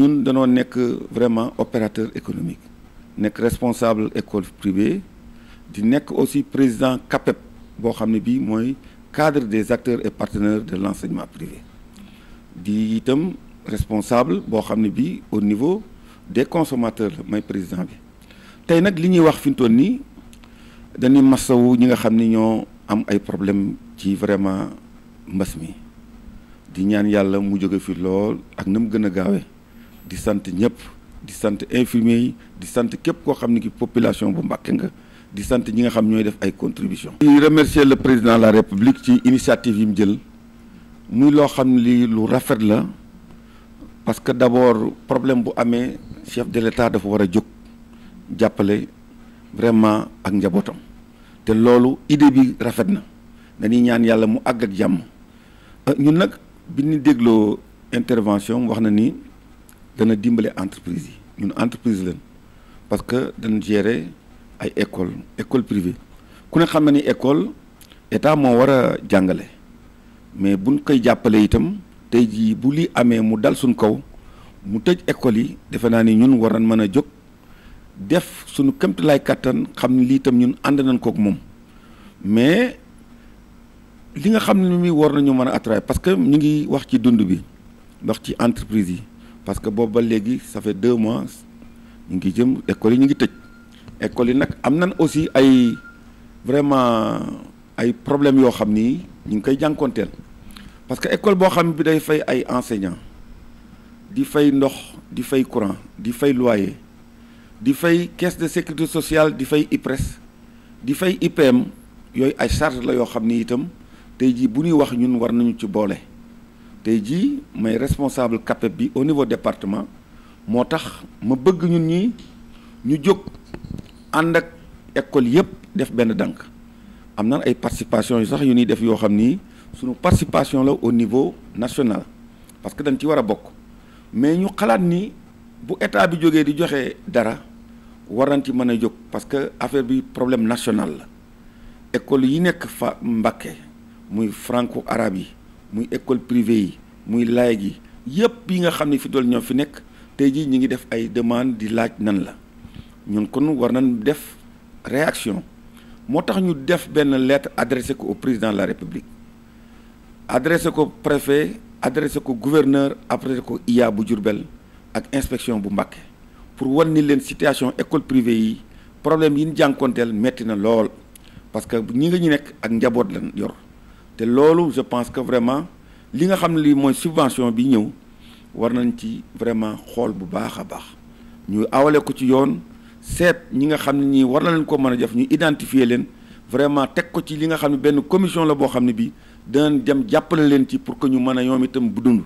ñun danoo nekk vraiment opérateur économique nekk responsable école privée di nekk aussi président CAPEP boo xam ne bii mooy cadre des acteurs et partenaires de l'enseignement privé di itam responsable boo xam ne bii au niveau des consommateurs la may président bi tey nag li ñuy wax fi mu toll nii dañuy masawu ñi nga xam ni ñoo am ay problème ci vraiment mbas mi di ñaan yàlla mu jóge fi lool ak na mu gën a gaawee di sant ñëpp di sant infirmier yi di sant képp koo xam ne ki population bu Mbàkke nga di sant ñi nga xam ñooy def ay contribution di remercier le président la république ci initiative yi mu jël muy loo xam ne lu rafet la parce que d'abord problème bu amee chef de l'État dafa war a jóg jàppale vraiment ak njabootam te loolu idée bi rafet na dañuy ñaan yàlla mu àgg ak jàmm euh, ñun nag bi ñu dégloo intervention wax na ni dana dimbale entreprise yi ñun entreprise lañ parce que dañ gérer ay école école privée ku ne xam na ni école état moo war a jàngale mais buñ koy jàppale itam tey jii bu li amee mu dal suñ kaw mu tëj école yi defe naa ni ñun war nañ mën a jóg def suñu kéemtalaay kàttan xam ni lii itam ñun ànd nañ kook moom mais li nga xam ne mi war nañu mën a attraire parce que ñu ngi wax ci dund bi wax ci entreprise yi parce que boobu ba léegi ça deux mois ñu ngi jëm école yi ñu ngi tëj école yi nag am na aussi ay vraiment ay problèmes yoo xam ni ñu ngi koy jànkoonteel parce que école boo xam bi day fay ay enseignants di fay ndox di fay courant di fay loyer di fay caisse de sécurité sociale di fay IPRES di fay IPM yooyu ay charge la yoo xam ni itam tey jii bu nuy wax ñun war nañu ci boole tey jii may responsable CAPEP bi au niveau département moo tax ma bëgg ñun ñi ñu jóg ànd ak école yëpp def benn dànk am na ay participation yu sax yu ñuy def yoo xam ni suñu participation la au niveau national parce que dañ ci war a bokk mais ñu xalaat ni bu état bi jógee di joxe dara war nañ ci mën a jóg parce que affaire bi problème national la école yi nekk fa Mbacké muy franco arabe yi muy école privée yi muy laayeg yi yëpp yi nga xam ni fi dool ñoo fi nekk tey jii ñu ngi def ay demande di laaj nan la ñun kon war nañ def réaction moo tax ñu def benn lettre adressé ko au président la république adressé ko préfet adressé ko gouverneur adressé ko IA bu jurbel ak inspection bu Mbacké pour wan ni leen situation école privée yi problème yi ñu jànkonteel metti na lool parce que ñi nga ñu nekk ak njaboot lan yor te loolu je pense que vraiment li nga xam ne lii mooy subvention bi ñëw war nañ ci vraiment xool bu baax a baax ñu awale ko ci yoon seet ñi nga xam ne nii war na leen ko mën a def ñu identifier leen vraiment teg ko ci li nga xam ne benn commission la boo xam ne bi danañ dem jàppale leen ci pour que ñu mën a ñoom itam bu dund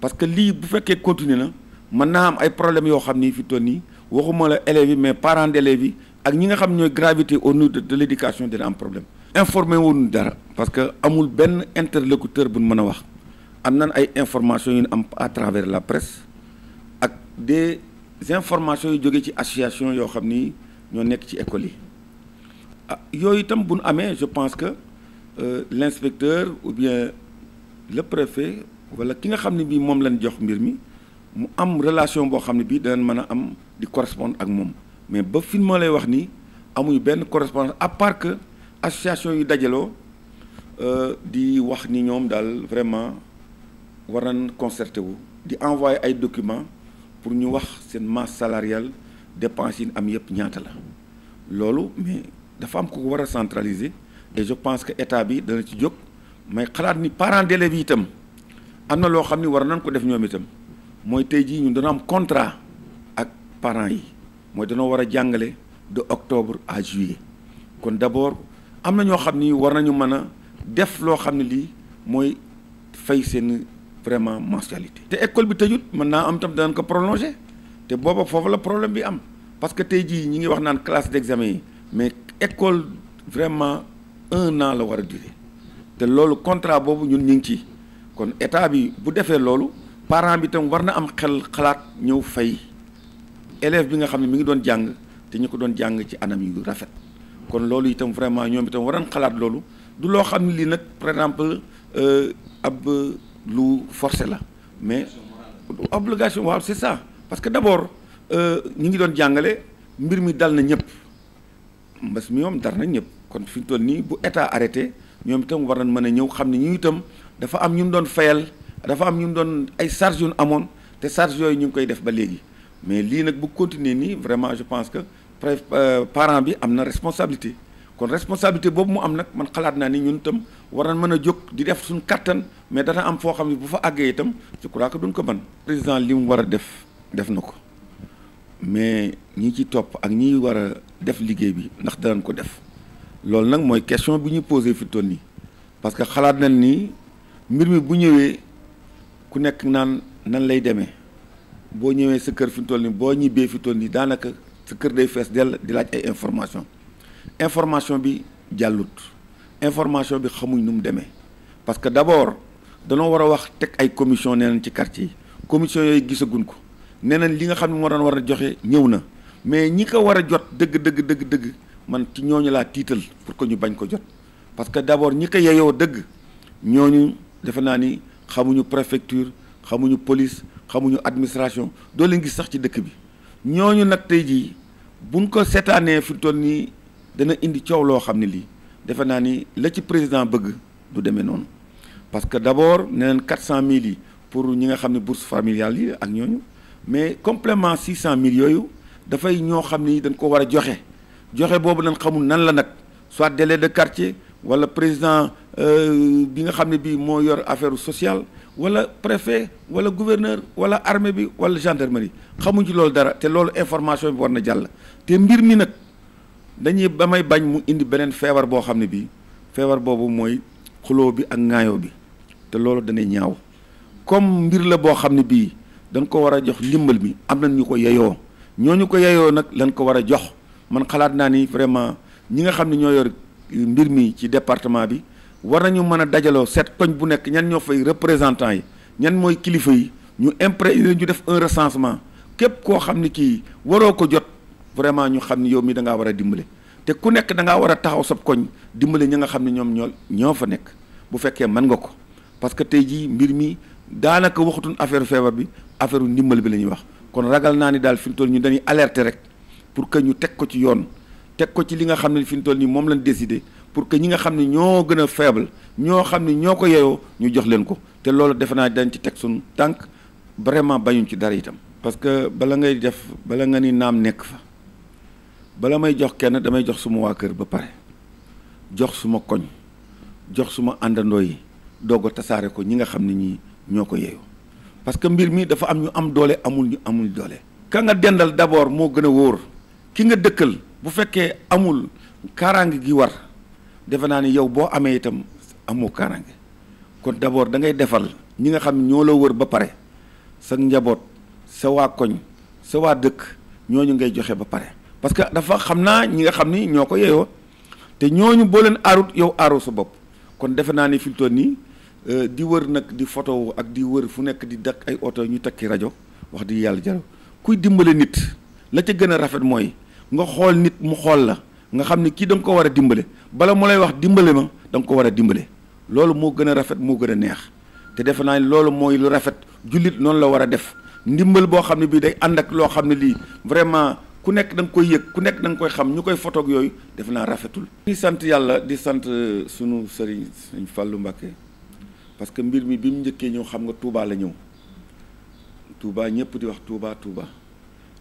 parce que lii bu fekkee continuer na mën naa am ay problèmes yoo xam ni fi toll nii waxuma la élèves yi mais parents d'élèves yi ak ñi nga xam ñooy gravité au niveau de l'éducation dina am problème informé woonu dara parce que amul benn interlocuteur bu mën a wax am nan ay informations yu ñu am à travers la presse ak des information yu jógee ci association yoo xam ni ñoo nekk ci école yi ah yooyu itam bu nu amee je pense que euh, l' inspecteur ou bien le préfet wala ki nga xam ne bii moom lañ jox mbir mi mu am relation boo xam ne bii danañ mën a am di correspondre ak moom mais ba fi ma lay wax nii amuñu benn correspondance à part que. association yu dajaloo euh, di wax ni ñoom daal vraiment war nañ concerté wu di envoyé ay documents pour ñu wax seen masse salariale dépenses yi am yëpp ñaata la loolu mais dafa am ko war a centraliser et je pense que état bi dana ci jóg mais xalaat ni parents d'élèves yi itam am na loo xam ni war nañ ko def ñoom itam mooy tey jii ñun dana am contrat ak parents yi mooy danoo war a jàngale de octobre à juillet kon d'abord am na ñoo xam ni war nañu mën a def loo xam ne lii mooy fay seen vraiment mensualité. te école bi tëjut mën naa am tam danañ ko prolongé te booba foofu la problème bi am parce que tey jii ñi ngi wax naan classe d'examen yi mais école vraiment un an la war a durer te loolu contrat boobu ñun ñu ngi ci kon état bi bu defee loolu parent bi tam war na am xel xalaat ñëw fay élève bi nga xam ne mu ngi doon jàng te ñu ko doon jàng ci anam yu rafet. kon loolu itam vraiment ñoom itam waran xalaat loolu du loo xam ne lii nag par exemple euh, ab euh, lu forcé la mais obligation waaw c'est ça parce que d'abord euh, ñu ngi doon jàngale mbir mi dal na ñëpp mbas mi moom dar na ñëpp kon fi ñu toll nii bu état arrêté ñoom itam war nañ mën a ñëw xam ne ñu itam dafa am ñu doon fayal dafa am ñu doon ay charges yu amoon te charges yooyu ñu ngi koy def ba léegi mais lii nag bu continuer nii vraiment je pense que Euh, parent bi am na responsabilité kon responsabilité boobu mu am nag man xalaat naa ni ñun itam war na mën a jóg di def suñ kàttan mais dana am foo xam ne bu fa àggee itam je crois que duñ ko ban président li mu war a def def na ko mais ñi ci topp ak ñi war a def liggéey bi ndax danañ ko def loolu nag mooy question bi ñu posé fi toll nii parce que xalaat na nii mbir mi bu ñëwee ku nekk naan nan lay demee boo ñëwee sa kër fi toll nii boo ñibbee fi toll nii daanaka. sa kër day fees dell di laaj ay information information bi jàllut information bi xamuñ nu mu demee parce que d'abord danoo war a wax teg ay commission neenañ ci quartier yi commission yooyu gisaguñ ko nee nañ li nga xam ne moo doon war a joxe ñëw na mais ñi ko war a jot dëgg dëgg dëgg dëgg man ci ñooñu laa tiital pour que ñu bañ ko jot parce que d'abord ñi ko yeyoo dëgg ñooñu defe naa ni xamuñu préfecture xamuñu police xamuñu administration doo leen gis sax ci dëkk bi buñ ko seetaanee fi toll nii dana indi coow loo xam ne lii defe naa ni la ci président bëgg du demee noonu parce que d' abord ne leen quatre cent mille yi pour ñi nga xam ne bourse familiale yi ak ñooñu mais complément six cent mille yooyu dafay ñoo xam ni dañ ko war a joxe joxe boobu nañ xamul nan la nag soit délégué de quartier wala président euh, bi nga xam ne bii moo yor affaire sociale wala préfet wala gouverneur wala armée bi wala gendarmerie xamuñ ci loolu dara te loolu information bi war na jàll te mbir mi nag dañuy ba may bañ mu indi beneen feebar boo xam ne bii feebar boobu mooy xuloo bi ak ŋaayoo bi te loolu danay ñaaw comme mbir la boo xam ne bii dañ ko war a jox ndimbal bi am nañ ñu ko yeyoo ñooñu ko yeyoo nag lañ ko war a jox man xalaat naa ni vraiment ñi nga xam ne ñoo yor mbir mi ci département bi war nañu mën a dajaloo seet koñ bu nekk ñan ñoo fay représentant yi ñan mooy kilifa yi ñu impré ñu def un recensement képp koo xam ni kii waroo ko jot vraiment ñu xam ni yow mi da ngaa war a dimbale te ku nekk da ngaa war a taxaw sab koñ dimbale ñi nga xam ne ñoom ñoo ñoo fa nekk bu fekkee mën nga ko parce que tey jii mbir mi daanaka waxatuñ affaire feebar bi affaire ndimbal bi la ñuy wax kon ragal naa ni daal fi mu toll ñu dañuy alerter rek pour que ñu teg ko ci yoon teg ko ci li nga xam ne fi mu toll nii moom lañ décidé pour que ñi nga xam ne ñoo gën a faible ñoo xam ne ñoo ko yeyoo ñu jox leen ko te loolu defe naa dañ ci teg suñu tànk vraiment bañuñ ci dara itam. parce que bala ngay def bala nga ni naam nekk fa bala may jox kenn damay jox suma waa kër ba pare jox suma koñ jox suma àndandoo yi doog a tasaare ko ñi nga xam ne ñii ñoo ko yeyoo parce que mbir mi dafa am ñu am doole amul ñu amul doole. ka nga dendal d'abord moo gën a wóor ki nga dëkkal bu fekkee amul kaaraange gi war. defe naa ni yow boo amee itam amoo kaaraange kon d'abord da ngay defal ñi nga xam ñoo la wër ba pare sa njaboot sa koñ sa waa dëkk ñooñu ngay joxe ba pare parce que dafa xam naa ñi nga xam ni ñoo ko yeyoo te ñoo ñu leen aarut yow aaroo sa bopp kon defe naa ni fi mu toll nii euh, di wër nag di photo ak di wër fu nekk di dakk ay oto ñu takki rajo wax di yàlla jaro kuy dimbale nit la ca gën a rafet mooy nga xool nit mu xool la nga xam ne kii da nga ko war a dimbale bala mu lay wax dimbale ma danga ko war a dimbale loolu moo gën a rafet moo gën a neex te defe naa ne loolu mooy lu rafet jullit noonu la war a def ndimbal boo xam ne bii day ànd ak loo xam ne lii vraiment ku nekk da koy yëg ku nekk da nga koy xam ñu koy photo yooyu def naa rafetul. di sant yàlla di sant euh, sunu sëriñ sëriñ Fallou Mbacké parce que mbir mi bi mu njëkkee ñëw xam nga tuubaa la ñëw tuubaa ñëpp di wax Touba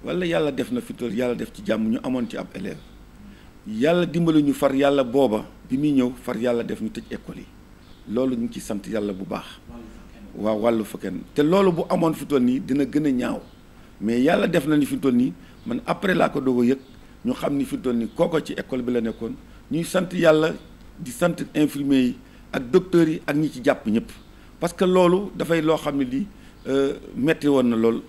wala yàlla def na fi yàlla def ci jàmm ñu amoon ci ab élève yàlla dimbali ñu far yàlla booba bi muy ñëw far yàlla def ñu tëj école yi loolu ñu ngi ci sant yàlla bu baax waaw wàllu fukkeen te loolu bu amoon fi toll nii dina gën a ñaaw mais yàlla def na ni fi toll nii man après laa ko doog a yëg ñu xam ni fi toll nii kooko ci école bi la nekkoon ñuy sant yàlla di sant infirmiers yi ak docteurs yi ak ñi ci jàpp ñëpp parce que loolu dafay loo xam ne di euh, metti woon na lool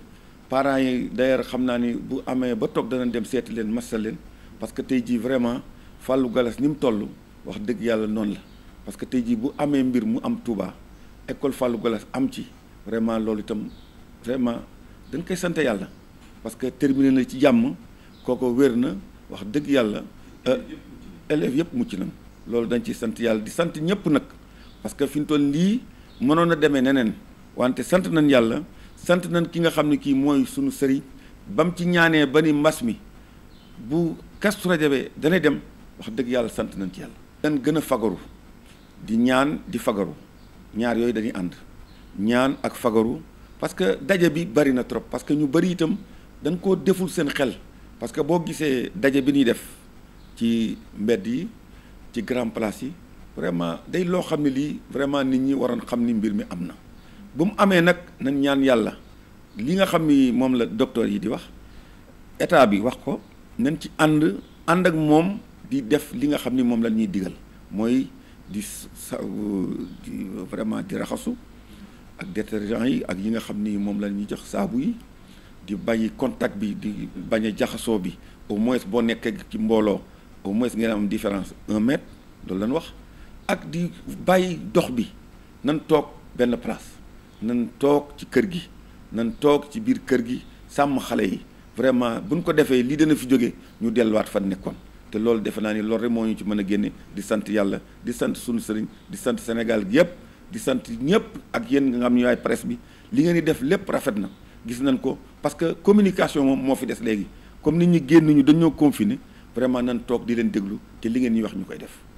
parents yi d'ailleurs xam naa ni bu amee ba toog dana dem seeti leen massa leen parce que tey jii vraiment Fallou Gallas ni mu toll wax dëgg yàlla noonu la parce que tey jii bu amee mbir mu am Touba école Fallou Gallas am ci vraiment loolu itam vraiment dañ koy sant yàlla parce que terminé na ci jàmm kooko wér na wax dëgg yàlla euh, élèves yëpp mucc na loolu dañ ci sant yàlla di sant ñëpp nag parce que fi ñu toll lii mënoon na demee neneen wante sant nañ yàlla sant nañ ki nga xam ne kii mooy sunu sëriñ bam ci ñaanee ba ni mbas mi bu kastu rajo bi danay dem wax dëgg yàlla sant nañ ci yàlla. dañ gën a fagaru di ñaan di fagaru ñaar yooyu dañuy ànd ñaan ak fagaru parce que daje bi bari na trop parce que ñu bari itam dañ koo deful seen xel parce que boo gisee daje bi ñuy def ci mbedd yi ci grand place yi vraiment day loo xam ne lii vraiment nit ñi waroon xam ni mbir mi am na bu mu amee nag nañ ñaan yàlla li nga xam ni moom la docteur yi di wax état bi wax ko. nañ ci ànd ànd ak moom di def li nga xam ni moom lañuy ñuy mooy di sa euh, di vraiment di raxasu ak détergent yi ak yi nga xam ni moom la ñuy jox saabu yi di bàyyi contact bi di bañ a jaxasoo bi au moins boo nekkee ci mbooloo au moins ngeen am différence un mètre loolu lañ wax ak di bàyyi dox bi nan toog benn place nan toog ci kër gi nan toog ci biir kër gi sàmm xale yi vraiment bu ñu ko defee lii dana fi jóge ñu delluwaat fan nekkoon te loolu defe naa ni loolu rek moo ñu ci mën a génne di sant yàlla di sant sunu sëriñ di sant Sénégal gi yëpp di sant ñëpp ak yéen nga xam ñu waay presse bi li ngeen di def lépp rafet na gis nañ ko parce que communication moom moo fi des léegi comme nit ñi génn ñu dañoo confiné vraiment nan toog di leen déglu te li ngeen ñuy wax ñu koy def.